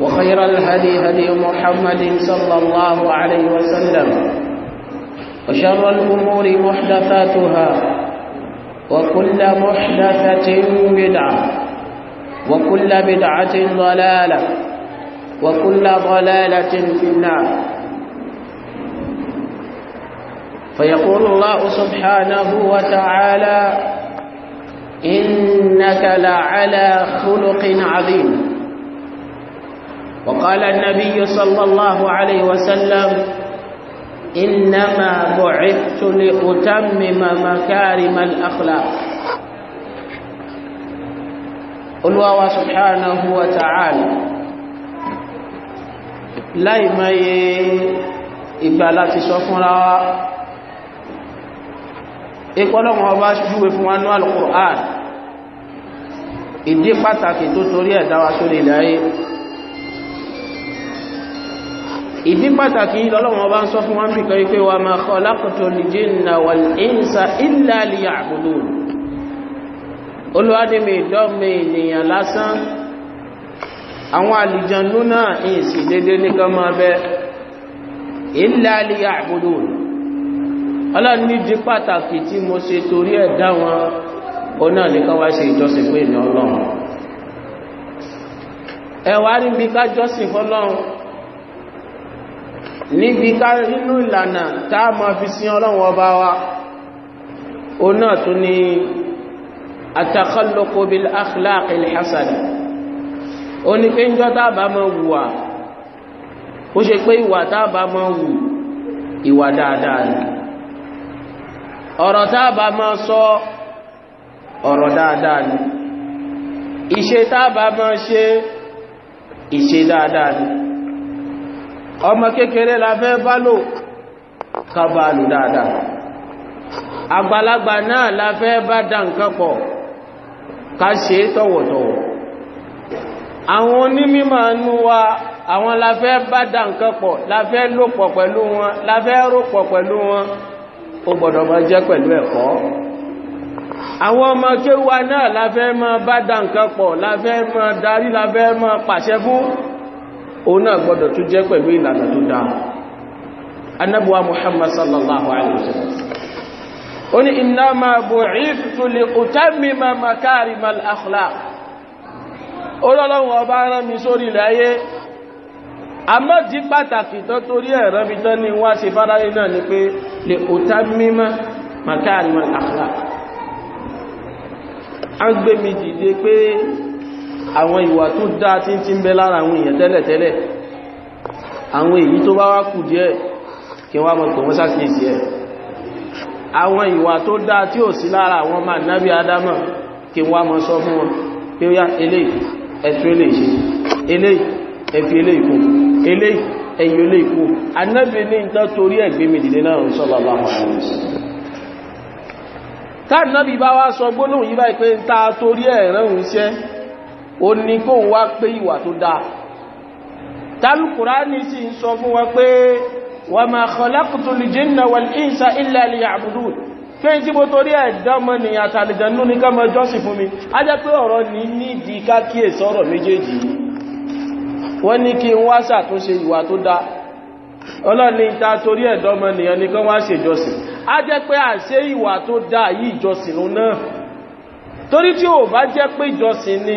وخير الهدي هدي محمد صلى الله عليه وسلم وشر الأمور محدثاتها وكل محدثة بدعة وكل بدعة ضلالة وكل ضلالة في النار فيقول الله سبحانه وتعالى إنك لعلى خلق عظيم وقال النبي صلى الله عليه وسلم إنما بعثت لأتمم مكارم الأخلاق Olúwa subhanahu wa ta'ala láì mẹ́yẹ ìgbà láti sọ fúnra wa ìpọ́lọ́wọ́n ọba ṣúgbé fún wa ní al-Qur'an ìdí pàtàkì tó torí ẹ̀dáwà sórí ilẹ̀ ayé ìdí pàtàkì lọ́lọ́wọ́n bá ń sọ fún wọn bí kan pé wa ma khalaqtul jinna wal insa illa liya'budun olùwádìí mi dọ́mi ènìyàn lásán àwọn àlìjànú náà ìsì dédé nìkan máa bẹ illa liya'budun ọlọ́run ní di pàtàkì tí bí ká jọ́sìn fọlọ́run níbi nínú ìlànà tá a máa fi sin ọlọ́run ọba wa ó náà tún ní atakhalluqu bil akhlaqil hasana ó ní pé ń jọ́ tá a bá máa wùwà ó ṣe pé ìwà tá a bá máa wù ìwà dáadáa ni ọ̀rọ̀ tá a bá máa sọ ọ̀rọ̀ dáadáa ni ìṣe tá a bá máa ṣe ìṣe dáadáa ni ọmọ kékeré la fẹ́ bá lò ká bá lò dáadáa àgbàlagbà náà la fẹ́ bá dá nǹkan pọ̀ ká ṣe é tọ̀wọ̀tọ̀wọ̀ àwọn onímọ̀ nú wa àwọn la fẹ́ bá dá nǹkan pọ̀ la fẹ́ lò pọ̀ pẹ̀lú wọn la fẹ́ rò pọ̀ pẹ̀lú wọn ó gbọ́dọ̀ máa jẹ́ pẹ̀lú ẹ̀kọ́ àwọn ọmọ kéwà náà la fẹ́ máa bá dá nǹkan pọ̀ la fẹ́ máa darí la fẹ́ máa pàṣẹ fún òun náà gbọ́dọ̀ tó jẹ́ pẹ̀lú ìlànà tó dáa anábúwa muhammad sallallahu alaihi wasallam ó ní innama bu'ithtu li utammima makarimal akhlaq olọ́lọ́wọ́ ọba rán mi sórí ilẹ̀ ayé àmọ́ jí pàtàkì tó torí ẹ̀rọ bí pé àwọn ìwà tó dá tí ń ti ń bẹ lára àwọn èèyàn tẹ́lẹ̀tẹ́lẹ̀ àwọn èyí tó bá wá kù díẹ̀ kí wá mọ̀ pẹ̀wọ́n sàkíyèsí ẹ̀ àwọn ìwà tó dá tí ò sí lára àwọn ọmọ ànábì Ádámà kí wá mọ̀ sọ fún wọn pé ó yá eléyìí ẹ̀tún eléyìí ṣe eléyìí ẹ̀fì eléyìí kù eléyìí ẹ̀yìn eléyìí kù ànábì ní nǹkan torí ẹ̀gbẹ́ méjìlé náà ń sọ lọ́wọ́ àwọn ọmọ táàbì náà bí bá wá sọ gbólóhùn yí báyìí pé ń ta torí ẹ̀rán òun ṣẹ́ ó ní kó wá pé ìwà tó dáa tálùkùránì sì ń sọ fún wa pé wa ma khalaqtu l-jinna wal-insa illa liya'budun pé tí mo torí ẹ̀dọ́mọ ni àtàlìjẹ̀nú ní ká mọ jọ́sìn fún mi a jẹ́ pé ọ̀rọ̀ ní nídìí kákíè sọ́rọ̀ méjèèjì torí tí ò bá jẹ́ pé jọ́sìn ni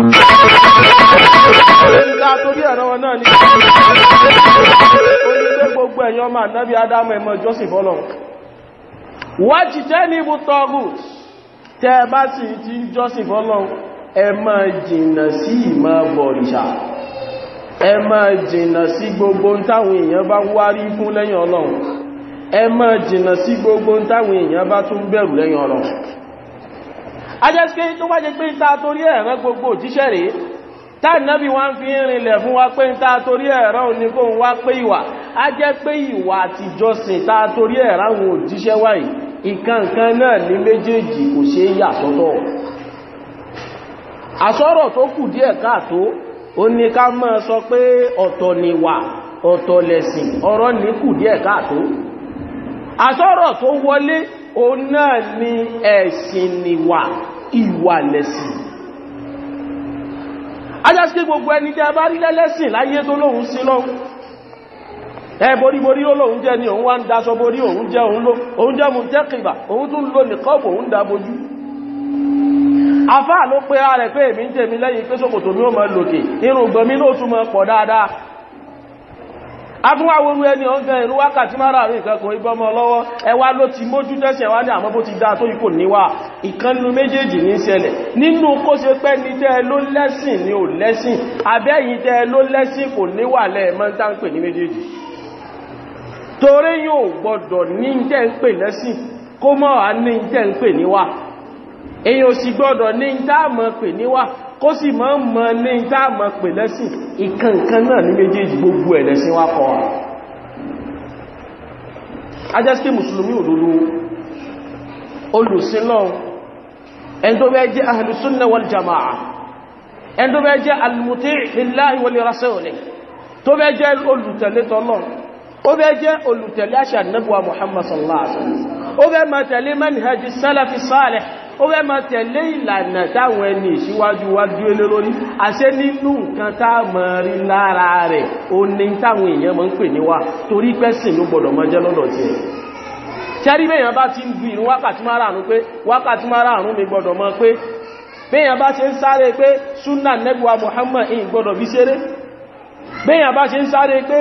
Olùdá torí ẹ̀rọ wọn náà ní olùdé gbogbo ẹ̀yàn ọmọ ànábí Ádámù ẹ̀mọ̀ ìjọsìn fọ́lọ̀. Wá jíjẹ́ ní ibú tọ́gùt tẹ́ bá sì ti jọ́sìn fọ́lọ̀ ẹ máa jìnnà sí ìmọ̀ bọ̀rìṣà. Ẹ máa jìnnà sí gbogbo táwọn èèyàn bá wárí fún lẹ́yìn Ọlọ́run. Ẹ máa jìnnà sí gbogbo táwọn èèyàn bá tún bẹ̀rù lẹ́yìn Ọlọ́run ajẹ́ pé tó bá jẹ́ pé ta torí ẹ̀rẹ́ gbogbo òjíṣẹ́ rẹ̀ tánàbí wọ́n fi ń rinlẹ̀ fún wa pé ta torí ẹ̀rẹ́ òní kó ń wá pé ìwà ajẹ́ pé ìwà àtijọ́sìn ta torí ẹ̀rẹ́ àwọn òjíṣẹ́ wáyìí ìkankan náà ní méjèèjì kò ṣe é yà sọ́tọ̀ àsọ̀rọ̀ tó kù díẹ̀ káàtó ó ní o náà ni ẹ̀sìn níwà ìwà lẹ́sìn ajásíké gbogbo ẹni tẹ́ bá rí lẹ́lẹ́sìn láyé tó lóhun sí lọ́hun ẹ boríborí olóhun jẹ́ ni òun wá ń daṣọ borí òun jẹ́ òun ló òun jẹ́ mú tẹ́kìbà òun tún lò ní kọ́ọ̀bù òun dábojú afá ló pé ààrẹ pé èmi ń tèmi lẹ́yìn pé sókòtò mi ó mọ lòkè irùngbọ̀n mi ló tún pọ̀ dáadáa afúnwáwórú ẹni ọ̀gán ìlú wákàtí mara rí ìkankan ibọ́mọ lọ́wọ́ ẹwà ló ti mójú tẹ́sẹ̀ wá ní àmọ́ bó ti dá tó ikò níwà ìkannú méjèèjì ní ṣẹlẹ̀ nínú kó ṣe pẹ́ ní tẹ́ ló lẹ́sìn ní ò lẹ́sìn abẹ́yìn tẹ́ ló lẹ́sìn kò níwà lẹ́ẹ̀mọ́ kó sì mọ́ mọ́ ní ìtààmà pè lẹ́sìn ìkankan náà ní méjèèjì gbogbo ẹ̀ lẹ́sìn wá kọ́ ajẹ́sí mùsùlùmí òdodo olùsílọ́ ẹni tó bá jẹ́ ahlu sunna wal jama'a ẹni tó bá jẹ́ al-muti' lillahi wa li rasulihi tó bá jẹ́ olùtẹ̀lé tọ́lọ́ ó fẹ́ máa tẹ̀lé ìlànà táwọn ẹni ìṣíwájú wá dúró lé lórí àṣẹ nínú nǹkan rí lára rẹ̀ ó ní táwọn èèyàn mọ̀ ń pè ní wa torí pẹ́sìn ló gbọ́dọ̀ mọ́ jẹ́ lọ́dọ̀ tiẹ̀ ṣẹ́rí bẹ́yàn bá ti ń du ìrún wákàtí márààrún mara mi gbọ́dọ̀ mọ́ pé bẹ́yàn bá ṣe ń sáré pé súnà nẹ́gbà Muhammad gbọ́dọ̀ bí ṣeré bẹ́yàn bá ṣe ń sáré pé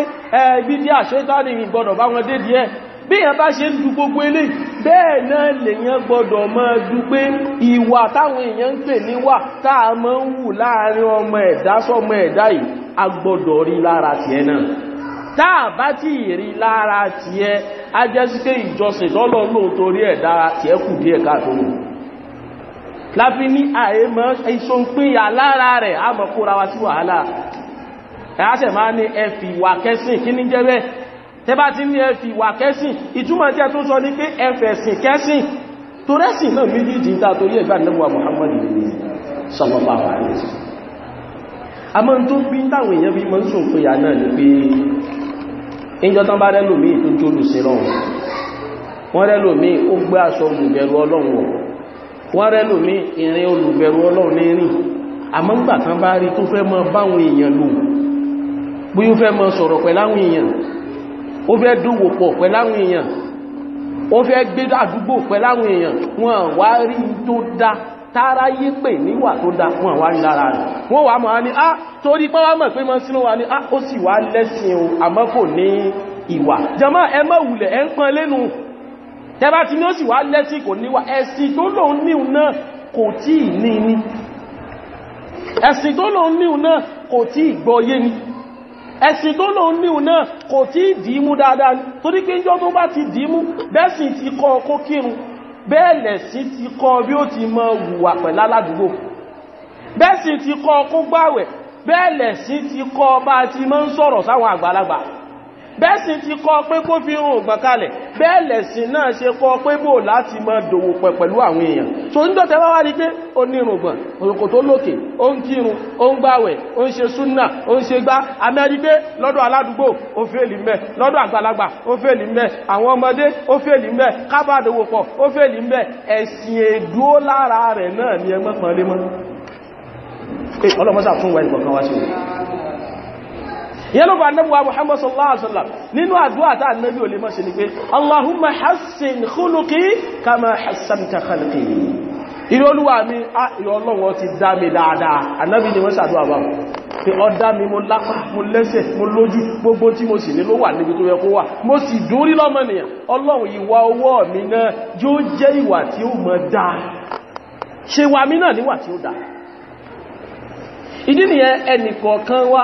béèyàn bá ṣe ń du gbogbo ilé bẹ́ẹ̀ náà lèyàn gbọdọ̀ ma du pé ìwà táwọn èèyàn ń pè níwà táà máa ń wù láàrin ọmọ ẹ̀dá sọmọ ẹ̀dá yìí a gbọdọ rí lára ẹ náà táà bá tí rí lára ti ìjọsìn tọ́lọ ẹ tẹbá ti ní ẹfì wà kẹsìn ìtumọ̀ tí a tó sọ ní pé ẹfẹ̀sìn kẹsìn tó rẹ́sìn náà méjìdì ń ta torí ẹgbà nẹ́bùwà Muhammadu sallallahu alaihi wasallam àmọ́ tó bí ni pé ìjọ tán bá rẹ́lòmí tó jólù sí lọ́wọ́ wọ́n rẹ́lòmí ó gbé aṣọ olùbẹ̀rù Ọlọ́run wọ̀ wọ́n rẹ́lòmí ìrìn olùbẹ̀rù Ọlọ́run rìn àmọ́ ńgbà tán bá rí tó fẹ́ mọ́ báwọn èèyàn lò bóyú fẹ́ mọ́ sọ̀rọ̀ pẹ̀láwọn èèyàn ó fẹ́ dúnwò pọ̀ pẹ̀láwọn èèyàn ó fẹ́ gbé àdúgbò pẹ̀láwọn èèyàn wọn wá rí tó dá tààrá yí pè níwà tó dá wọn wá rí lára rẹ̀ wọ́n wà mọ̀ ní á ah, torí pọ́wà mọ̀ pé mọ́ sínú wà ní á ah, ó sì wá lẹ́sìn àmọ́ kò ní ìwà jàmá ẹ má wulẹ̀ ẹ ń pọn lẹ́nu tẹba ti ní ó sì wá lẹ́sìn kò níwà ẹ̀sìn tó lòun níhun náà kò tí ì ní ní ẹ̀sìn tó lòun níhun náà kò tí ì gbọ́yé ni ẹ̀sìn tó lòun níhùn náà kò tí dìímú dáadáa ní torí pé ìjọ tó bá ti dìímú bẹ́ẹ̀sìn ti kọ́ kó kírun bẹ́ẹ̀lẹ̀ sí ti kọ́ bí ó ti mọ wùwà pẹ̀lá ládùúgbò bẹ́ẹ̀sìn ti kọ́ kó gbàwẹ̀ bẹ́ẹ̀lẹ̀ sí ti kọ́ bá ti mọ́ ń sọ̀rọ̀ sáwọn àgbàlagbà bẹ́ẹ̀sìn ti kọ́ pé kó fi hàn ògbà kalẹ̀ bẹ́ẹ̀lẹ̀sìn náà ṣe kọ́ pé bò láti máa dòwò pẹ̀ pẹ̀lú àwọn èèyàn tó ń dọ̀tẹ́ wá wá ní pé ó ní irùngbọ̀n òrùkò tó lókè ó ń kírun ó ń gbàwẹ̀ ó ń ṣe súnà ó ń ṣe gbá amẹ́rígbé lọ́dọ̀ aládùúgbò ó fèèlì mẹ́ lọ́dọ̀ àgbàlagbà ó fèèlì mẹ́ àwọn ọmọdé ó fèèlì mẹ́ kábà dòwò pọ̀ ó fèèlì mẹ́ ẹ̀sìn èdúó ọlọ́mọ́sà fún wa ìgbọ̀kan wá sí ìyẹn ló bá nẹ́bùwà Muhammad sallallahu alaihi wasallam nínú àdúwà tá nẹ́bí ò lè mọ́ sí ni pé Allahumma hassin khuluqi kama hassanta khalqi ìrẹ́ olúwa mi ìrẹ́ ọlọ́wọ́ ti dá mi dáadáa anábì ni wọ́n sàdúwà bá pé ọ dá mi mo lápá mo lẹ́sẹ̀ mo lójú gbogbo tí mo sì ní ló wà níbi tó yẹ kó wà mo sì dórí lọ́mọnìyàn ọlọ́run ìwà ọwọ́ mi náà yóò jẹ́ ìwà tí ó mọ̀ dáa ṣe wà mí náà níwà tí ó dáa ìdí nìyẹn ẹnìkọ̀ọ̀kan wá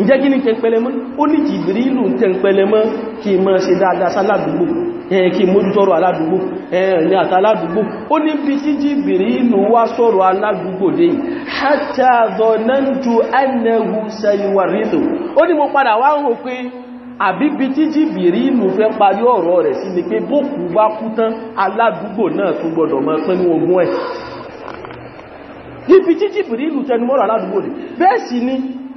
ìjẹ́ kí ní kẹ pẹlẹmọ́ ó ní jìbìrìlù tẹ pẹlẹmọ́ kí mọ́ ṣe dáadáa sáládùgbò ẹ̀ẹ̀ kí mójútọ́rọ̀ aládùgbò ẹ̀ẹ̀ ní àtàládùgbò ó ní bí tí jìbìrìlù wá sọ̀rọ̀ aládùgbò dé hatta dhanantu annahu sayuwarrithu ó ní mo padà wá rò pé àbí bí tí jìbìrìlù fẹ́ parí ọ̀rọ̀ rẹ̀ sí ni pé bókù bá kú tán aládùgbò náà tún gbọdọ̀ mọ́ pẹ́nu ogún ẹ̀ níbi tí jìbìrìlù tẹnumọ́rọ̀ aládùgbò rẹ̀ bẹ́ẹ̀ sì ni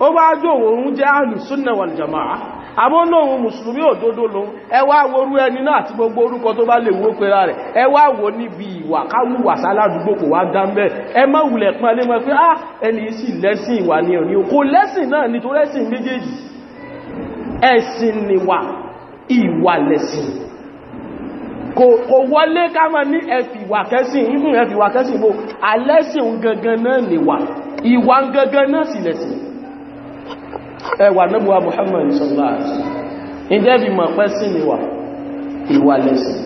ó wá jòwó òun jẹ́ àlùsúnnà wal jamaa, àmọ́ lóhun mùsùlùmí òdodo lòun ẹ wá worú ẹni náà àti gbogbo orúkọ tó bá lè wó pera rẹ̀ ẹ wá wò níbi ìwà káwùwà sáládùúgbò kò wá dámbẹ́ ẹ má wùlẹ̀ pán lé mọ́ pé á ah, ẹni sì lẹ́sìn ìwà ni òní kò lẹ́sìn náà nítorí ẹ̀sìn méjèèjì ẹ̀sìn nìwà ìwà lẹ́sìn kò wọlé lẹ́sìn ẹwà nẹ́bùwà Muhammad sallallahu alaihi wasallam ìjẹ́ bí mọ̀ pẹ́ sí ìwà ìwà lẹ́sìn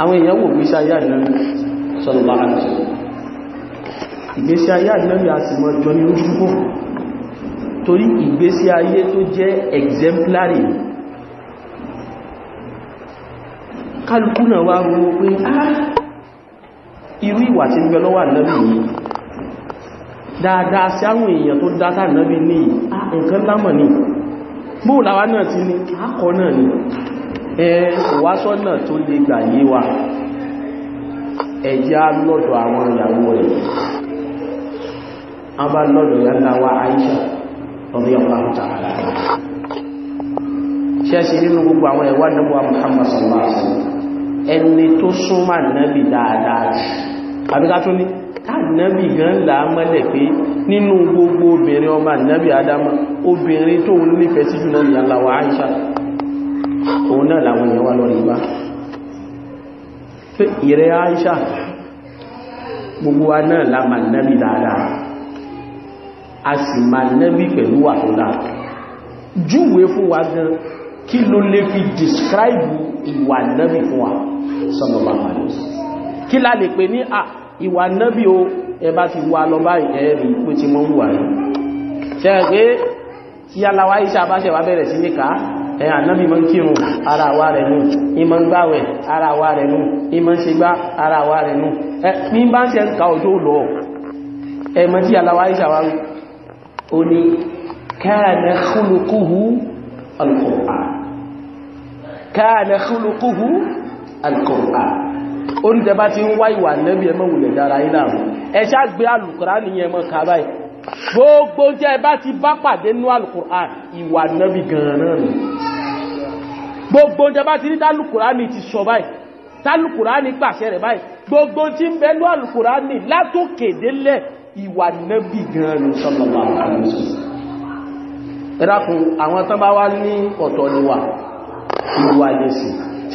àwọn èèyàn wò gbéṣẹ́ ayé ànábì sallallahu alaihi wasallam ìgbésí ayé ànábì a sì mọ́ jọ ní ojú púpọ̀ torí ìgbésí ayé tó jẹ́ exemplary kálukú náà wá rúrú pé ah irú ìwà tí ń bẹ lọ́wọ́ ànábì yìí dáadáa sí àwọn èèyàn tó dátà ànábì ní nǹkan lámọ̀ ní bóòláwá náà ti ní akọ náà ní ẹ̀ẹ́wàásọ́ náà tó lè gbà yé wa ẹ̀yà lọ́dọ̀ àwọn ìyàwó rẹ̀ a bá lọ́dọ̀ yàndà wa Àìṣà ọ̀rẹ́ ọ̀pàá tààrà ṣẹ́ṣì nínú gbogbo àwọn ẹ̀wà náà wà Muhammad sallallahu alaihi wasallam ẹni tó súnmà náà bí dáadáa àbíká tún ní káàdínábì gan là mọ́lẹ̀ pé nínú gbogbo obìnrin ọmọ àdínábì adama obìnrin tó ń nífẹ̀ẹ́ sí jùlọ ìyàlàwà Aisha òun náà làwọn èèyàn wà lọ́rẹ̀ ibá ìrẹ́ Aisha gbogbo wa náà la mà nábì dáadáa a sì mà nábì pẹ̀lú wà tó dáa júwe fún wa gan kí ló lè fi describe ìwà nábì fún wa sallallahu alaihi wasallam kí la lè pè ní à ah, ìwà nábì o ẹbá ti wà lọ báyìí ẹ̀rí pé ti mọ́ wà rí ṣẹ́gbẹ́ tí aláwá iṣẹ́ àbáṣẹ́ wà bẹ̀rẹ̀ sí níka ẹ̀yà nábì mọ́ kírun ara wa rẹ̀ nù ìmọ̀ gbáwẹ̀ ara wa rẹ̀ nù ìmọ̀ ṣe gbá ara wa rẹ̀ nù ní bá ń ṣe oríṣẹ́ bá ti ń wá ìwà nẹ́bí ẹmọ́ wùlẹ̀ dára iná rẹ̀ ẹ̀ṣá gbé alùkùránì yẹn mọ́ ká báyìí gbogbo jẹ́ bá ti bá pàdé nú alùkùránì ìwà nẹ́bí gan-an gbogbo jẹ́ bá ti rí tálùkùránì ti sọ báyìí tálùkùránì pàṣẹ rẹ̀ báyìí gbogbo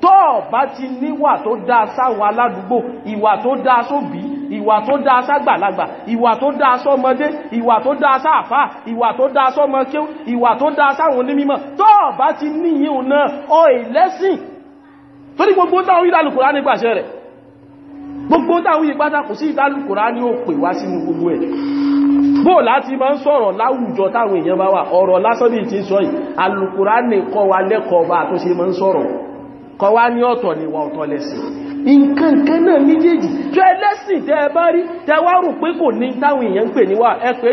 tó bá ti níwà tó dáa sáwọn aládùúgbò ìwà tó dáa sóbí ìwà tó dáa ságbàlagbà ìwà tó dáa sọ́mọdé ìwà tó dáa sáàfà ìwà tó dáa sọ́mọkéw ìwà tó dáa sáwọn onímọ̀ tó bá ti níyìn náà ọ ìlẹ́sìn torí gbogbo táwọn ìdálùkùrá nígbàṣẹ́ rẹ̀ gbogbo táwọn ìpátá kò sí ìdálùkùrá ní ó pè wá sínú gbogbo ẹ̀ bó láti máa ń sọ̀rọ̀ láwùjọ táwọn èèyàn bá wà ọ̀rọ̀ lásán ti ń alùkùrá nìkan wa lẹ́kọ̀ọ́ bá tó ṣe máa ń sọ̀rọ̀ kọwa ní ọ̀tọ̀ ni wà ọ̀tọ̀ lẹ́sìn nǹkan kan náà méjèèjì tó ẹlẹ́sìn tẹ́ bá rí tẹwà rò pé kò ní táwọn èèyàn ń pè níwà ẹ pé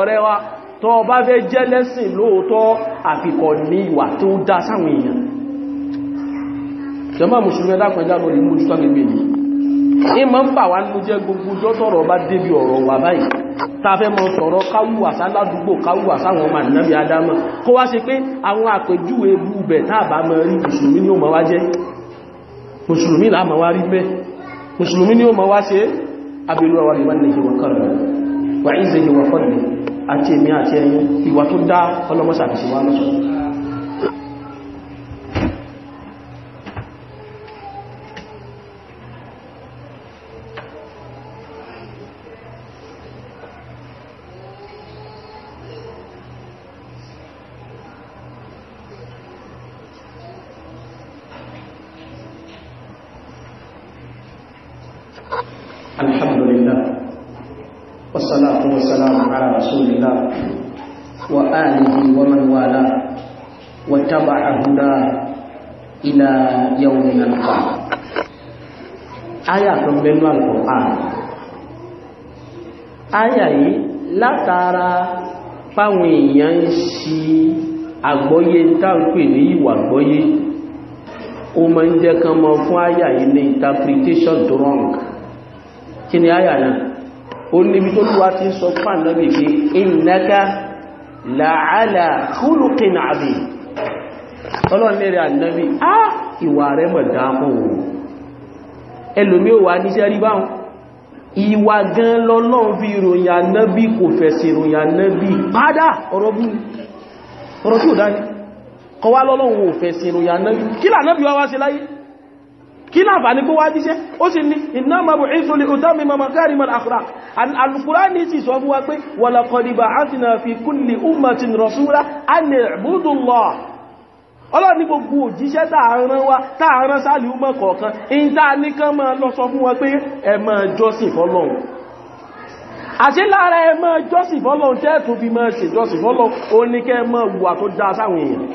ọ̀rẹ́ wa tó bá fẹ́ jẹ́ lẹ́sìn lóòótọ́ àfikọ̀ ní ìwà tó dá sáwọn èèyàn tàfẹ́ mọ́ sọ̀rọ̀ káwùwà sáládùgbò káwùwà sáwọn ọmọ ànábì adama kó wá ṣe pé àwọn àpèjúwe búbẹ̀ tàbà mọ́ rí mùsùlùmí ni ó mọ́ wá jẹ́ mùsùlùmí ni ó mọ́ wá ṣe abẹ́lú àwọn ìwánilẹ̀ ìwọ̀n kan wà yawmi nalqa áyà tó bẹnu Al-Qur'an áyà yìí látara páwọn èèyàn ń ṣi àgbọ́yé táǹpì ní ìwà àgbọ́yé ó ma ń jẹ́ kan mọ fún àyà yìí ní interpretation wrong kí ni àyà náà ó tó lúwa ti sọ fún Nábì pé innaka la'ala khuluqin 'azim rẹ̀ Nábì ah ìwà rẹ̀ mọ̀ dáàmù òun ẹlòmí ò wà níṣẹ́ rí báhùn ìwà gan lọ́lọ́n fi ìròyìn ànábì kò fẹ̀sì ìròyìn ànábì padà ọ̀rọ̀ bú ọ̀rọ̀ tí ò dání kọ wá lọ́lọ́n ò fẹ̀sì ìròyìn ànábì kí lànábì wá wá ṣe láyé kí láàfà ní kó wá jíṣẹ́ ó sì ní iná ọlọ́run ní gbogbo òjíṣẹ́ tààrán wá tààrán sáàlì ọmọ kọ̀ọ̀kan in tá ní kán máa lọ sọ fún wa pé ẹ máa jọ́sìn fọ́lọ́run àti lára ẹ máa jọ́sìn fọ́lọ́run tẹ́ tó fi máa ṣe jọ́sìn fọ́lọ́run ó ní kẹ́ máa wùwà tó dá sáwọn èèyàn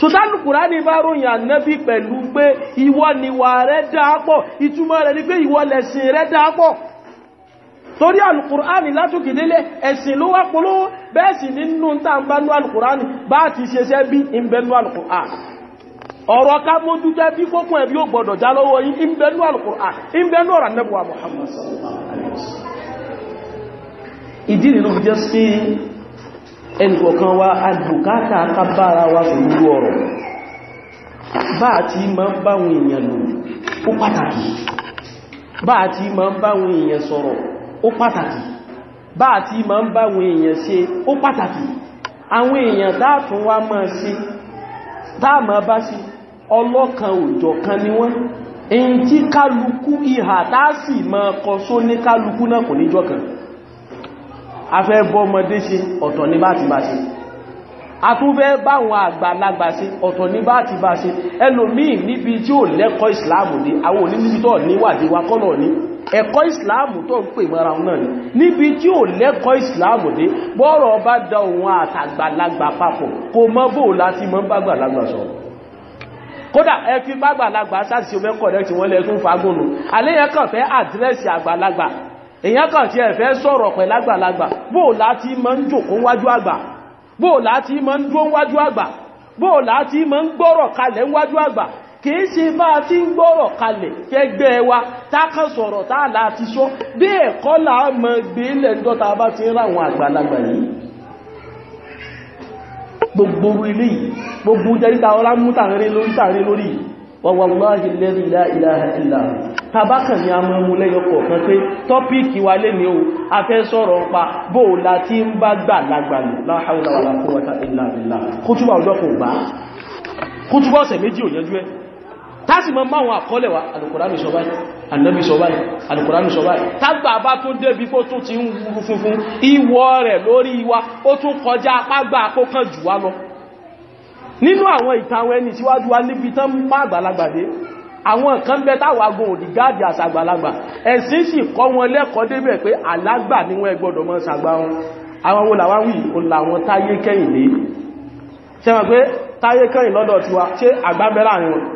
sọ̀tánù kùránì bá ròyìn ànẹ́bí pẹ̀lú pé ìwọ nìwà rẹ̀ torí alùkùránì látòkè délẹ̀ ẹ̀sìn ló wá polówó bẹ́ẹ̀ sì nínú tàbánú alùkùránì bá ti ṣeṣẹ́ bí ìbẹ̀nú alùkùránì ọ̀rọ̀ ká mójú jẹ́ bí fókún ẹ̀bí ò gbọ́dọ̀ já lọ́wọ́ yí ìbẹ̀nú alùkùránì ìbẹ̀nú ọ̀rọ̀ bá àti ma ń bá àti èèyàn sọ̀rọ̀ ó pàtàkì bá àti ma ń bá àwọn èèyàn ṣe ó pàtàkì àwọn èèyàn dáàtún wá máa ṣe dáàmà bá sí ọlọ́kan òjọ̀ kan ni wọ́n èyí tí kálukú ìhà táàsì ma kọ só ní kálukú náà kò níjọ́ kan afẹ́ bọ́ ọmọdé ṣe ọ̀tọ̀ ní bá ti bá ṣe àtúnfẹ́ báwọn àgbàlagbà ṣe ọ̀tọ̀ ní bá ti bá ṣe ẹlòmíì níbi tí ò lẹ́kọ́ ìsìláàmù ní àwọn onílùú tó níwàdíwá kọ́nà ní ẹ̀kọ́ ìsìláàmù tó ń pè mọ́ra náà ni níbi tí ò lẹ́kọ́ ìsìláàmù dé bọ́rọ̀ ọba da òun àtàgbàlagbà papọ̀ kò mọ́ bó láti mọ́ bàgbàlagbà sọ kódà ẹ fi bàgbàlagbà sáàsì omi kọ̀dẹ́tì wọn lẹ́ tún fagúnnu àléyàn kàn fẹ́ àdírẹ́sì àgbàlagbà èyàn kàn tí ẹ fẹ́ sọ̀rọ̀ pẹ̀lágbàlagbà bó láti mọ́ ń jòkó wájú àgbà bó láti mọ́ ń dúró wájú àgbà bó láti mọ́ ń gbọ́rọ̀ kalẹ̀ wájú kìí ṣe bá ti ń gbọ́rọ̀ kalẹ̀ fẹ́gbẹ́ wa tákàn sọ̀rọ̀ táàlá ti sọ bí ẹ̀kọ́ láàmọ́ gbélẹ̀ dọ́ta bá ti ráwọn àgbàlagbà yìí gbogbo ilé gbogbo jẹ́ríta ọlá mú tààrin lórí tààrin lórí wàwàláhì lẹ́rí ìlàhà ìlà tabakàn ni a mọ́ mú lẹ́yọkọ̀ kan pé tọ́píìkì wa lè ní o a fẹ́ sọ̀rọ̀ pa bó láti ń bá gbà lágbàlù la hawla wala quwwata illa billah kútúbà láti mọ máwọn àkọlẹ̀ wa alùkùránù sọ annabi sọ alùkùránù sọ báyìí bá tó débi kó tún ti ń wúrú funfun ìwọ rẹ̀ lórí wa ó tún kọjá apágbà àkókàn jù wá lọ nínú àwọn ìtàwọn síwájú wa níbi tán má àgbàlagbàdé àwọn kan bẹ táwọn òdì gáàdì àsàgbàlagbà ẹ̀sìn sì kọ́ wọn lẹ́kọ̀ọ́ débẹ̀ pé alágbà ni wọ́n gbọ́dọ̀ mọ́ sàgbà wọn àwọn wo làwọn wì ó làwọn táyé kẹ́yìn lé ṣe wọn pé táyé kẹ́yìn lọ́dọ̀ tiwa ṣé àgbàbẹ́ láàrin wọn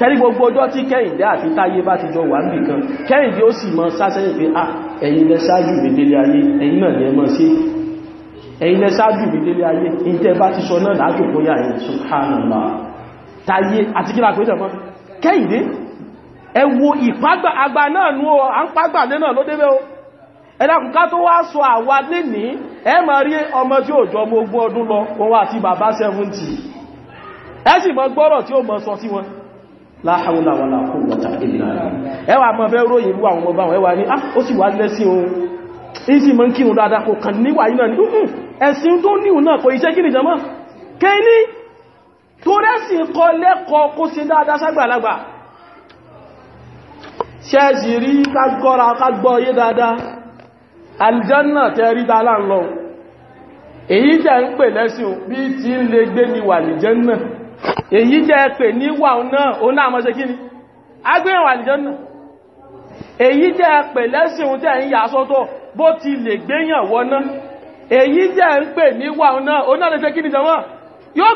ẹ̀rí gbogbo ọjọ́ tí kẹ́yìndé àti táyé bá ti jọ wà ń bì kan kẹ́yìndé ó sì mọ sáṣẹ́yìn pé à ẹ̀yin lẹ ṣáájú ìbìdélé ayé ẹ̀yin náà lẹ mọ̀ sí ẹ̀yin lẹ ṣáájú ìbìdélé ayé in tẹ́ bá ti sọ náà lájòkóyà ẹ̀yìn subhanallah táyé àti kí lápẹ́ ìjọmọ́ kẹ́yìndé ẹ wo ìpágbà àgbà náà nú ọ à ń pàgbà náà ló débẹ́ o ẹ̀dàkùnká tó wá sọ àwa lẹ́ni ẹ máa rí ọmọ tí ò jọ gbogbo ọdún lọ wọn wá àti bàbá 70 ẹ sì mọ gbọ́rọ̀ tí ó mọ sọ sí wọn la hawla wala quwwata illa billah ẹwà mọ́ fẹ́ ròyìn irú àwọn ah ó sì wá lẹ́sìn ohun ìsì mọ́ kírun dáadáa kò kàn níwà yìí náà ní ẹ̀sìn tó níhùn náà kò iṣẹ́ kìrì jẹmọ́ kẹ́ni tó rẹ́sìn kọ lẹ́kọ̀ọ́ kó sí dáadáa ságbàlagbà ṣẹ́ẹ̀sì rí kágọ́ra kágbọ́ yé dáadáa aljanna tẹ́ rí ń lọ èyí tẹ́ ń pè lẹ́sìn bí ti ń le gbé ni wà lìjẹ́ náà èyí jẹ́ pè ní wà náà náà mọ́ ṣe kí ni agbéyànwà àlìjẹ́nà èyí jẹ́ pè lẹ́sìn ohun tí ẹ̀yìn yà sọ́tọ̀ bó ti lè gbéyàn èyí jẹ́ pè ní wà náà náà lè ṣe kí ni jọmọ́ yóò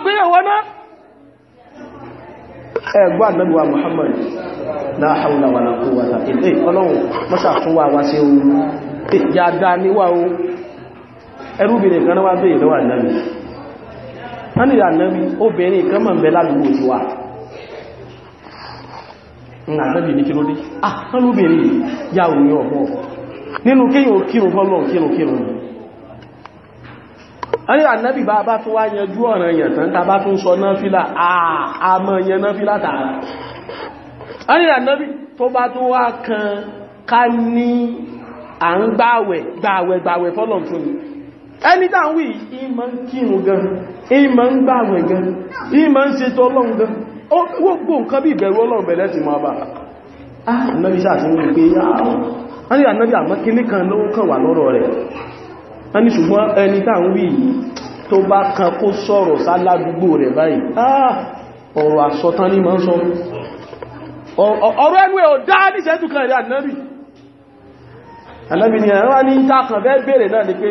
ẹgbọ́ àdọ́gbà Muhammad la hawla wa wá sí ohun yàdá níwà ohun ẹrúbìnrin kan náà wá wọ́n ni ìrànlẹ́bí obìnrin kan mọ̀ ń bẹ ládùúgbò ti wà ìrànlẹ́bí ní kí ló dé ah wọ́n lóbìnrin yà òun ọ̀pọ̀ nínú kíyàn kírun fọ́lọ̀ kírun kírun ẹni ànábì bá bá tún wá yanjú ọ̀ràn yẹn tán tàbá tún sọ náfílà àmọ́ ah, yẹn náfílà tààrà ẹni ànábì tó bá tún wá kan ká ní à ń gbàwẹ̀ gbàwẹ̀ gbàwẹ̀ ẹni tàà wí ìmọ̀ ń kírun gan ìmọ̀ ń gbààwẹ̀ gan ìmọ̀ ń ṣètò ọlọ́run gan gbogbo nǹkan bí ìbẹ̀rù ọlọ́run bẹ̀rẹ̀ ti máa bá ah, ànábì sáàtí pé ààrẹ kan ah, ọ̀rọ̀ ẹgbẹ́ ò ní sẹ́tù kan rẹ̀ ànábì ànábì ni ẹ̀rọ ní ìtàkàn fẹ́ bèèrè náà ni pé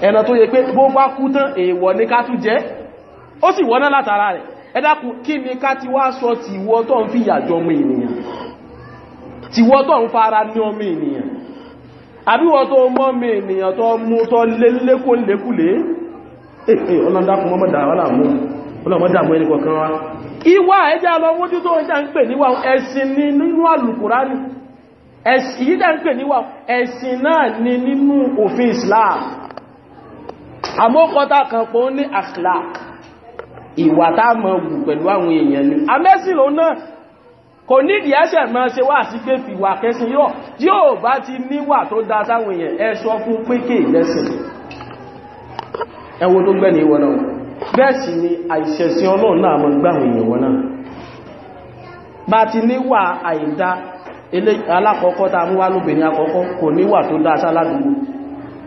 ẹ̀nà tó yẹ pé bó bá kú tán èèwọ̀ ní ká tún jẹ́ ó sì wọ́ná látara rẹ̀ ẹ dákun kí ni ká ti wá sọ tìwọ́ tó ń fi yàjọ ọmọ ènìyàn tìwọ́ tó ń fara ní ọmọ ènìyàn àbíwọ́ tó mọ́ ọmọ ènìyàn tó mú tọ́ lélékólékúlé eh, eh, ìwà ẹjá lọ mójú tó ń pè níwà ẹ̀sìn ni nínú àlùkùránì ẹ̀sìn náà ni nínú òfin Islam àmókọta kan pọ̀ ní akhlaq ìwà tá mọ̀ wù pẹ̀lú àwọn èèyàn ni amẹ́sìlò náà kò nídìí ẹsẹ̀ máa ṣe wá sí pé fìwà kẹsìn yọ yóò bá ti níwà tó da sáwọn èèyàn ẹ fún pékè lẹ́sìn ẹwọ ni àìṣẹ̀sìn ọlọ́run náà mọ́ gbáwọn èèyàn wọn náà bá ti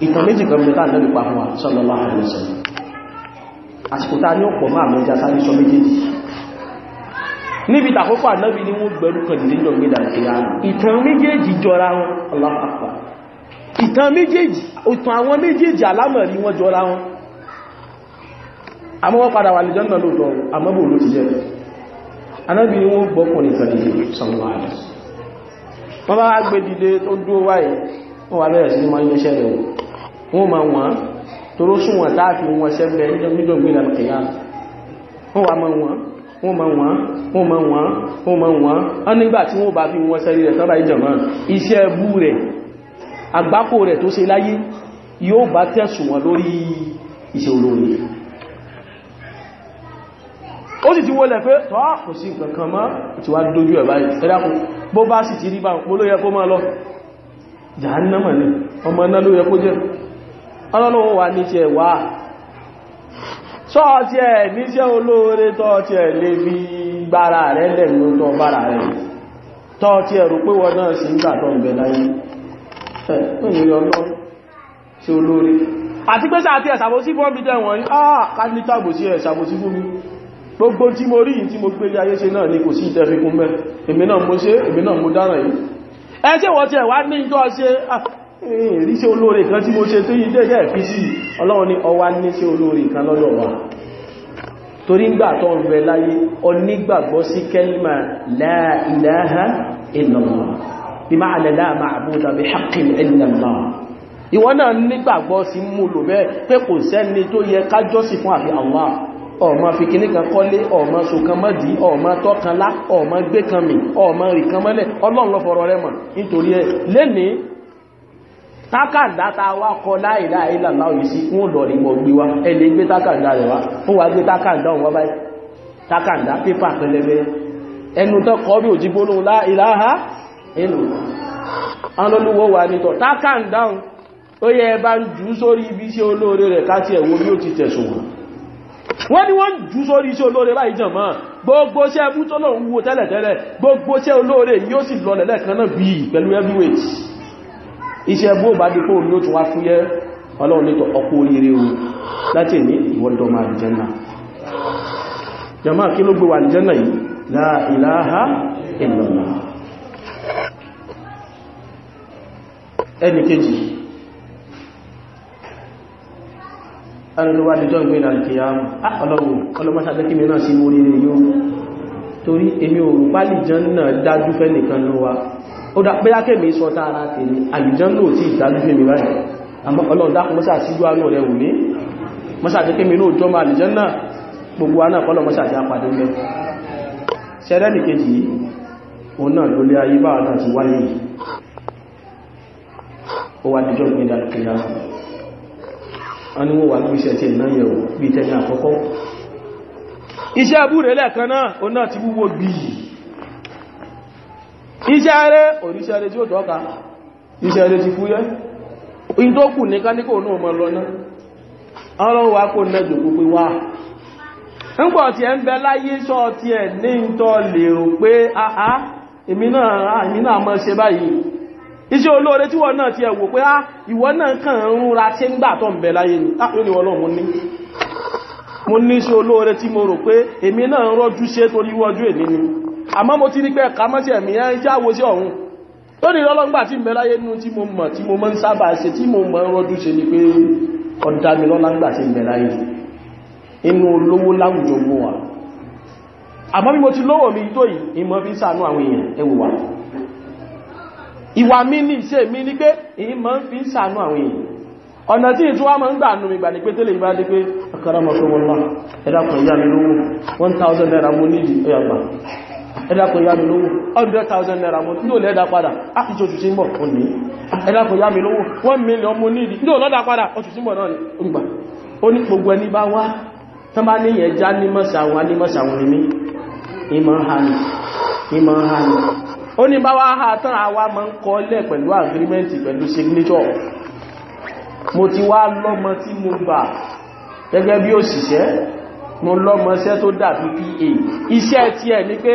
ìtàn méjì kan mẹ́ta náà nípa fún wa sọ́lọ́lá àrẹ́sẹ̀ àsìkò tá ní ọ̀pọ̀ máa mẹ́ta sáré sọ méjèèjì níbi tàkókò ànábì ni wọ́n gbẹ̀rú kan nílò ní nàìjíríà ìtàn méjèèjì jọra wọn Allahu Akbar ìtàn méjèèjì ìtàn àwọn méjèèjì alámọ̀rí wọn jọra wọn àmọ́ wọ́n padà wà lè jọ́nà lóòtọ́ àmọ́bò ló ni wọ́n gbọ́kùnrin kan nílò sọ́lọ́lá àrẹ́sẹ̀ wọ́n bá gbé dìde tó dúó sí ní wọ́n yẹ́ṣẹ́ rẹ̀ wọ́n ma wọ́n toró súnwọ̀n táàfi wọn sẹ́gbẹ̀ nídọ̀gbìn alkìyà wọ́n wà ma wọ́n wọ́n ma wọ́n wọ́n ma wọ́n wọ́n ma wọ́n a nígbà tí wọ́n bá fi wọn sẹ́rí rẹ̀ sábà ìjọmọ́ iṣẹ́ ẹbú rẹ̀ àgbákò rẹ̀ tó ṣe láyé yóò bá tẹ̀sùn wọn lórí iṣẹ́ olóore ó sì ti wọlẹ̀ pé tọ́ kò sí nǹkan mọ́ tí wá dójú ẹ̀ báyìí ọlọ́lọ́wọ́ wà ní ṣe wà sọ́ọ̀tí ẹ̀ níṣẹ́ olóore tọ́ọ̀tí ẹ̀ lè fi gbára rẹ̀ lẹ́nu tó bára rẹ̀ tọ́ọ̀tí ẹ̀ rò pé wọ́n náà sí ń gbà tọ́ ìbẹ̀ láyé ṣe olóore àti pé sáà tí ah, ẹ̀ sàbòsí fún ọmọdé wọ̀n ní àà kánílítà gbòsí ẹ̀ sàbòsí fún mi gbogbo tí mo rí tí mo gbé lé ayé ṣe náà ní kò sí ìtẹ́fikún mẹ́ èmi náà mo ṣe èmi náà mo dáràn yìí ẹ ṣe wọ́n ti ẹ̀ wá ní ìjọ́ ṣe ah, ìríṣẹ́ olóore kan tí mo ṣe tó yìí jẹ́jẹ́ fi sí ọlọ́run ní ọwá níṣẹ́ olóore kan lọ́dọ̀ wa torí ń gbà tó ń bẹ láyé onígbàgbọ́ sí kẹ́lìmà la ilaha illallah bima la ma'buda bihaqqin illallah ìwọ náà nígbàgbọ́ sí mú lò bẹ́ pé kò sẹ́ni tó yẹ ká jọ́sìn fún àfi Allah ọmọ fi kìní kan kọ́lé ọmọ ṣokan mọ́dí ọmọ tọ́kanlá ọmọ tákàdá ta wá kọ láìlá ìlàlá òyìn sí wọ́n lọ rí mọ̀ gbé wá ẹni gbé tákàdá rẹ̀ wá fún wa gbé tákàdá òun wá báyìí tákàdá pépà pẹlẹbẹ ẹnu tán kọ́ bí òjí gbónú láìláha ẹnu alólúwọ́ wà nítọ̀ tákàdá ó yẹ ẹbá ń jù sórí ibi iṣẹ́ olóore rẹ̀ káti ẹ̀wọ́ bí ó ti tẹ̀sùn wọ́n ni wọ́n jù sórí iṣẹ́ olóore báyìí jàn máa gbogbo iṣẹ́ ẹbú tó lọ́wọ́ tẹ́lẹ̀tẹ́lẹ̀ gbogbo iṣẹ́ olóore yóò sì lọ lẹ́lẹ́kan náà bí pẹ̀lú heavyweight iṣẹ́ bó bá dípò ní ó tún wá fúyẹ́ ọlọ́run lẹ́tọ̀ ọkú oríire o láti ní ìwọ́dọ̀mà àlìjẹ́nà jama kí ló gbé wà àlìjẹ́nà yìí la ilaha illallah ẹni kejì ẹnìlúwàdìjọ́ ìgbé ìlàlìkìyàmù ọlọ́run ọlọ́mọ́sàdẹ́kì mìíràn sí oríire yóò torí èmi òrùpálì jẹ́ náà dájú fẹ́ nìkan ló wa ó dá pé lákẹ́ mi sọ tààrà tèmi àlùjànnú tí ìdálúfẹ́ mi báyìí àmọ́ Ọlọ́run dákùn mọ́sá síjú àánú rẹ̀ wù ní mọ́sá jẹ́ kémi náà jọmọ́ àlùjànnà gbogbo aná kọ́lọ̀ mọ́sá jẹ́ àpàdé mẹ́ sẹ́rẹ́lì kejì òun náà lólé ayé bá náà ti wáyé ó wá díjọ́ gbẹ̀dà kìlá wọn ni wọ́n wà ní iṣẹ́ tí ìná yẹ̀wò bí tẹ́lẹ̀ àkọ́kọ́ iṣẹ́ abúrẹ́lẹ̀ kan náà òun náà ti wúwo iṣẹ́ eré tí ó tọ́ka iṣẹ́ ti fúyẹ́ in tó kù ní káníkò náà mọ́ lọ́nà ọlọ́run wa kò nẹ́jọ púpẹ́ wá ń pọ̀ ẹ ń bẹ láyé ti ẹ̀ ní lè rò pé àá èmi náà mọ́ báyìí iṣẹ́ olóore tí náà ti ẹ̀ pé á ìwọ náà kàn rúra tí ń gbà láyé ni tápé ní mo ní pé èmi náà rọ́jú ṣe torí àmọ́ mo ti rí pé ẹ̀ka mọ́sí ẹ̀mí ẹ̀ ń jáwo sí ọ̀hún tó ní lọ́lọ́gbà tí mẹ́lá yé nú tí mo mọ̀ tí mo mọ́ ń sábà ṣe tí mo ṣe ni pé tí mẹ́lá olówó láwùjọ ti ọ̀nà tí ìtúwà máa ń gbà nù mi ní pé tẹ́lẹ̀ ìgbà dé pé akọrọmọ̀kọmọ̀lá ẹ̀dàkùn ìyá naira mo ẹ̀yàgbà ẹ̀dàkùn ya mi lówó 100,000 naira mo ní olẹ́dà padà áfíjọ òṣùsí mọ̀ fún ní ẹ̀dàkùn ya mi lówó 1 million mo ní ìdí ní olẹ́dà padà òṣùsí mọ̀ náà ní orígbà ó ní gbogbo ẹni bá wá tán bá ní ẹja ní mọ́sàwọn ní mọ́sàwọn ní ìmọ̀ hàní ìmọ̀ hàní ó ní bá wá ha tán àwa máa ń kọ́ lẹ̀ pẹ̀lú agreement pẹ̀lú signature mo ti wá lọ́mọ tí mo gbà gẹ́gẹ́ bí òṣìṣẹ́ mo lọ́mọ iṣẹ́ tó dàbí pa iṣẹ́ tí ẹ̀ ní pé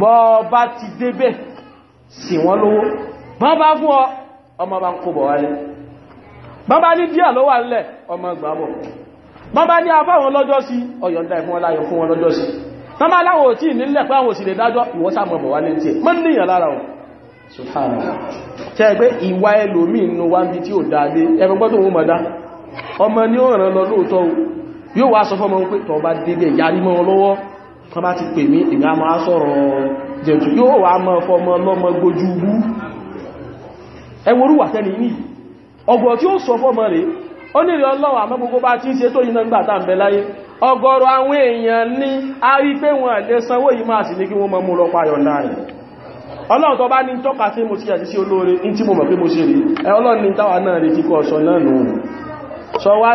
bọ́ọ̀bá ti débẹ̀ sí wọ́n lówó bọ́ọ̀bá fún ọ ọmọ bá ń kó bọ̀ wálé bọ́ọ̀bá ní díà ló wà nílẹ̀ ọmọ gbàbọ̀ bọ́ọ̀bá ní afáwọn lọ́jọ́ sí ọ̀yọ̀ndà ìfún ọláyọ̀ fún wọn lọ́jọ́ sí tọ́mà láwọn òtí nílẹ̀ pé àwọn òsì lè dájọ́ ìwọ́sàmọ̀ bọ̀ wálé tí ẹ̀ mọ́ níyàn lára ọ̀ subhanallah tẹ́ pé ìwà ẹlòmí inú wá ní tí ó dáadé ẹgbẹ́gbọ́ tó wọ́n mọ̀ dá ọmọ ni ó tán bá ti pè mí ìgbà máa sọ̀rọ̀ jẹ̀tù yóò wà mọ́ fọmọ lọ́mọ gbójú wú ẹwọ́rú wà tẹ́lì ní ọgbọ̀ tí ó sọ fọmọ rẹ̀ ó nílẹ̀ ọlọ́wà mọ́ gbogbo bá ti ń ṣe tó yí a rí pé wọn lè sanwó yìí máa sì ní kí wọ́n mọ́ mú lọ payọ̀ náà rẹ̀ ọlọ́run tó bá ní tọ́ka sí mo ti yà sí sí olóore ní tí mo mọ̀ pé mo ṣe rí ẹ ọlọ́run ní táwa náà rí kíkọ́ ọ̀ṣọ́ náà nù sọ wá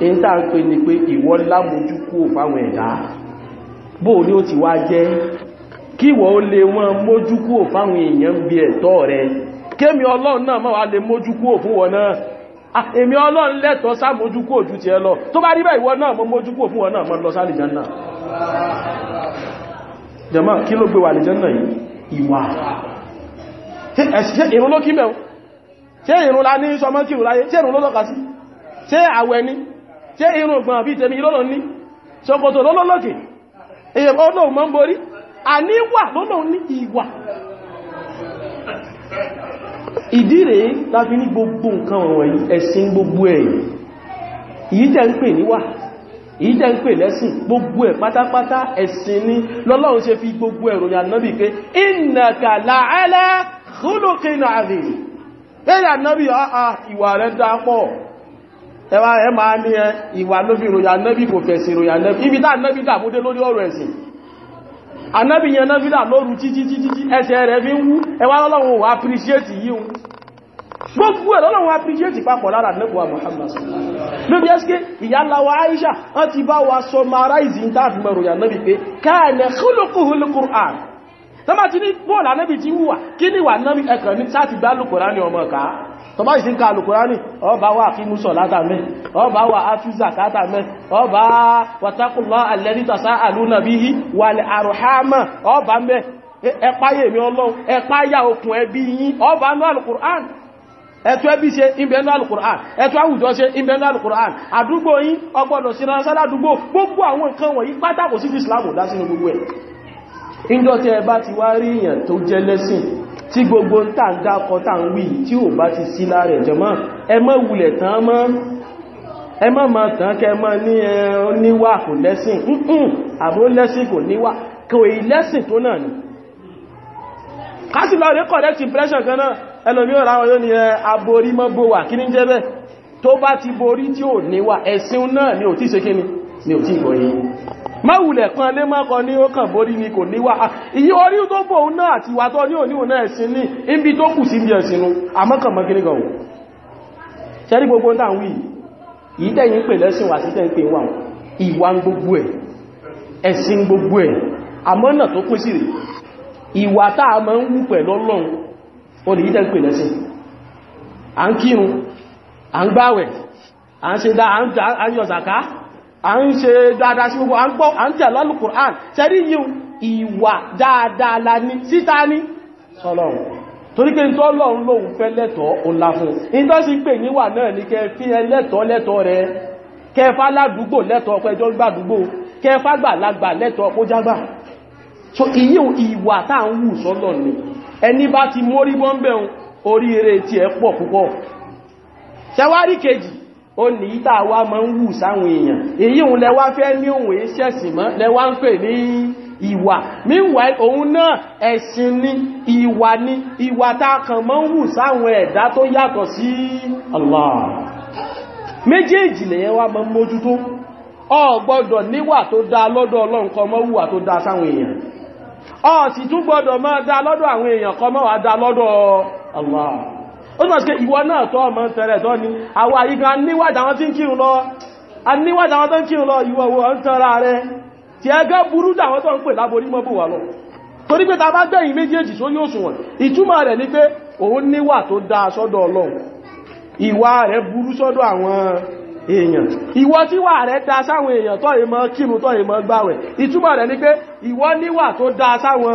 in ta ń pè ní pé ìwọ lámójú kúrò fáwọn ẹ̀dá bó ní ó ti wá jẹ́ kí ìwọ ó lè wọ́n mójú kúrò fáwọn èèyàn ń bí ẹ̀tọ́ rẹ kémi ọlọ́run náà máa wá lè mójú kúrò fún wọn náà èmi ọlọ́run lẹ́tọ̀ọ́ sámójú kúrò ju ti ẹ lọ tó bá rí bá náà mọ́ mójú fún wọn náà mọ́ lọ sáà lìjánà jàmá kí ló gbé wà lìjánà yìí ìwà ẹ̀ṣẹ́ ìrún ló kí mẹ́ ṣe ìrún la ní sọmọ́kìrún láyé ṣe ìrún ló lọ́kà sí ṣe àwẹ̀ ni ṣe irun ọgbọ̀n àbí tẹ̀mí lọ́lọ́ ní ṣọ̀pọ̀tọ̀ lọ́lọ́lọ́kì èyàn ọlọ́run mọ́ ń borí àníwà lọ́lọ́run ní ìwà ìdí rẹ̀ láfi ní gbogbo nǹkan wọ̀nyí ẹ̀sìn gbogbo ẹ̀ yìí tẹ́ ń pè níwà yìí tẹ́ ń pè lẹ́sìn gbogbo ẹ̀ pátápátá ẹ̀sìn ni lọ́lọ́run ṣe fi gbogbo ẹ̀ròyìn ànábì pé innaka la'ala khuluqin 'azim ẹwà ẹ máa ní ẹ ìwà lóbi ìròyìn anẹ́bì kò fẹ̀sìn ìròyìn anẹ́bì ibi tá anẹ́bì dàmúdé lórí ọ̀rọ̀ ẹ̀sìn anẹ́bì yẹn anẹ́bì dà lóru títí títí ẹsẹ̀ rẹ̀ fi ń wú ẹwà lọ́lọ́run ò appreciate yíò gbogbo ẹ̀ lọ́lọ́run appreciate papọ̀ lára anẹ́bùwa Muhammad lóbi ẹ́sìké ìyáláwà Aisha wọ́n ti bá wa summarize ìntàfimẹ̀ròyìn anẹ́bì pé káà nẹ̀ khuluquhul Qur'an tọ́mà ti ní bọ́ọ̀lá nẹ́bì tí wùwà kí ní wà náàbí ẹ̀kọ̀ ní sáti gbá lùkùrá ní ọmọ ọ̀ká tọ́mà ìsí ń ka lùkùrá ní ọba wà fímúsọ̀ látàmẹ́ ọba wà áfíìsà kátàmẹ́ ọba wàtàkùnlọ́ alẹ́dítàsá àlúnàbíhí wà àrùhámà ọba mẹ́ ẹpáyèmí ọlọ́run ẹpáyà okùn ẹbí yín ọba náà lùkùrán ẹ̀tọ́ ẹbí ṣe ìbẹ̀nú alùkùrán ẹ̀tọ́ àwùjọ ṣe ìbẹ̀nú alùkùrán àdúgbò yín ọgbọ́dọ̀ sí ránṣẹ́ ládúgbò gbogbo àwọn nǹkan wọ̀nyí pátákò sí Islam dá sínú gbogbo ẹ̀ níjọ́ tí ẹ bá ti wá rí tó jẹ lẹ́sìn tí gbogbo ń tàn dákọ tàn wí tí ò bá ti sí lára ẹ̀jẹ̀ mọ́ wulẹ̀ tán mọ́ ẹ ma tán kẹ mọ́ ní níwà kò lẹ́sìn àbó lẹ́sìn kò níwà kò ì lẹ́sìn tó náà ni kásì lọ kan náà láwọn yóò ní ẹ aborí mọ́ kí ní jẹ́ bẹ́ẹ̀ tó bá ti borí tí ò níwà ni ò ṣe kí ni máwùlẹ̀ kan lé mọ́kọ ní ó kàn borí ni kò níwá ìyí orí tó bò ń náà àti ìwàtọ́ ní òníwò náà ẹ̀sìn ní ibi tó kù sí ibi ẹ̀sìnú àmọ́kànmọ́gínígànwò ṣẹ́rí gbogbo ń dáwí yìí tẹ́yìn pè lẹ́sìn wà sí pè wà ìwà gbogbo gbogbo a ń ṣe dáadáa sí gbogbo a ń gbọ́ a ń tẹ̀ lọ́lù Qur'an tẹ́rí yíò ìwà dáadáa la ní síta ní sọ́lọ́run torí pé tó lọ́run lóun fẹ́ lẹ́tọ̀ọ́ ọlá fún ìtọ́ sí pè níwà náà ní kẹ fi ẹ lẹ́tọ̀ọ́ lẹ́tọ̀ọ́ rẹ kẹfà ládùúgbò lẹ́tọ̀ọ́ pẹjọ́ gbàdúgbò kẹfà gbàlagbà lẹ́tọ̀ọ́ kó so iye ìwà táà ń wù sọ́lọ̀ ni ẹni bá ti mórí bọ́m̀bẹ̀ orí eré tí ẹ pọ̀ púpọ̀ ṣẹwárí kejì ó ní ìta wá máa ń wù sáwọn èèyàn èyí òun lẹ́wà fẹ́ ní òun èé ṣẹ̀sìn mọ́ lẹ́wà ń pè ní ìwà meanwhile òun náà ẹ̀sìn ni ìwà ni ìwà tá kàn máa ń wù sáwọn ẹ̀dá tó yàtọ̀ sí Allah méjèèjì lẹ́yẹn wá máa ń mójútó ọ gbọ́dọ̀ níwà tó dá lọ́dọ̀ Ọlọ́run kò mọ́ wùwà tó dá sáwọn èèyàn ọ sì tún gbọ́dọ̀ Allah ó túnmọ̀ sí ìwọ náà tọ́ ọmọ tẹ́rẹ tọ́ ni àwọn àyíká níwàdà wọn tí ń kírun lọ aníwàdà wọn tó ń kírun lọ ìwọ wo ń tọ́ra rẹ tí ẹgẹ́ burú dáwọn tó ń pè láborí mọ́ bò wà lọ torí pé ta bá gbẹ̀yìn méjèèjì só yóò sùn wọ̀n ìtumọ̀ rẹ̀ ni pé òun níwà tó dáa sọ́dọ̀ ọlọ́run ìwà rẹ̀ burú sọ́dọ̀ àwọn èèyàn ìwọ tí wà rẹ̀ dáa sáwọn èèyàn tó ìmọ̀ kírun tó ìmọ̀ gbàwẹ̀ ìtumọ̀ rẹ̀ ni pé ìwọ níwà tó dáa sáwọn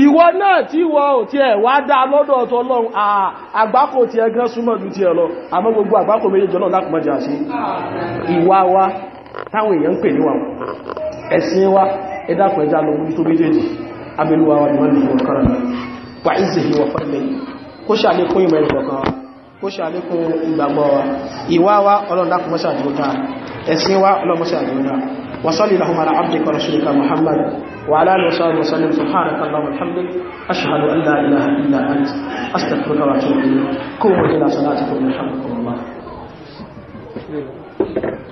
ìwọ náà tí wọ ò tí ẹ̀ wá dá lọ́dọ̀ ọ̀tọ̀ ọlọ́run àgbákò tí ẹ gán súnmọ́ ju ti ẹ lọ àmọ́ gbogbo àgbákò méjèèjì ọlọ́run láti mọ́jà sí ìwà wa táwọn èèyàn ń pè níwà ẹ̀sìn wa ẹ̀dàkùn ẹja lọ tó méjèèjì abẹ́lúwa wa ni wọ́n lè fi ọkọ̀ rẹ̀ wà ìsìnkú wọ̀ fẹ́lẹ̀ kó ṣàlékún ìmọ̀ وعلى آله وصحبه وسلم سبحانك اللهم وبحمدك أشهد أن لا إله إلا أنت أستغفرك وأتوب إليك قوموا إلى صلاتكم يرحمكم الله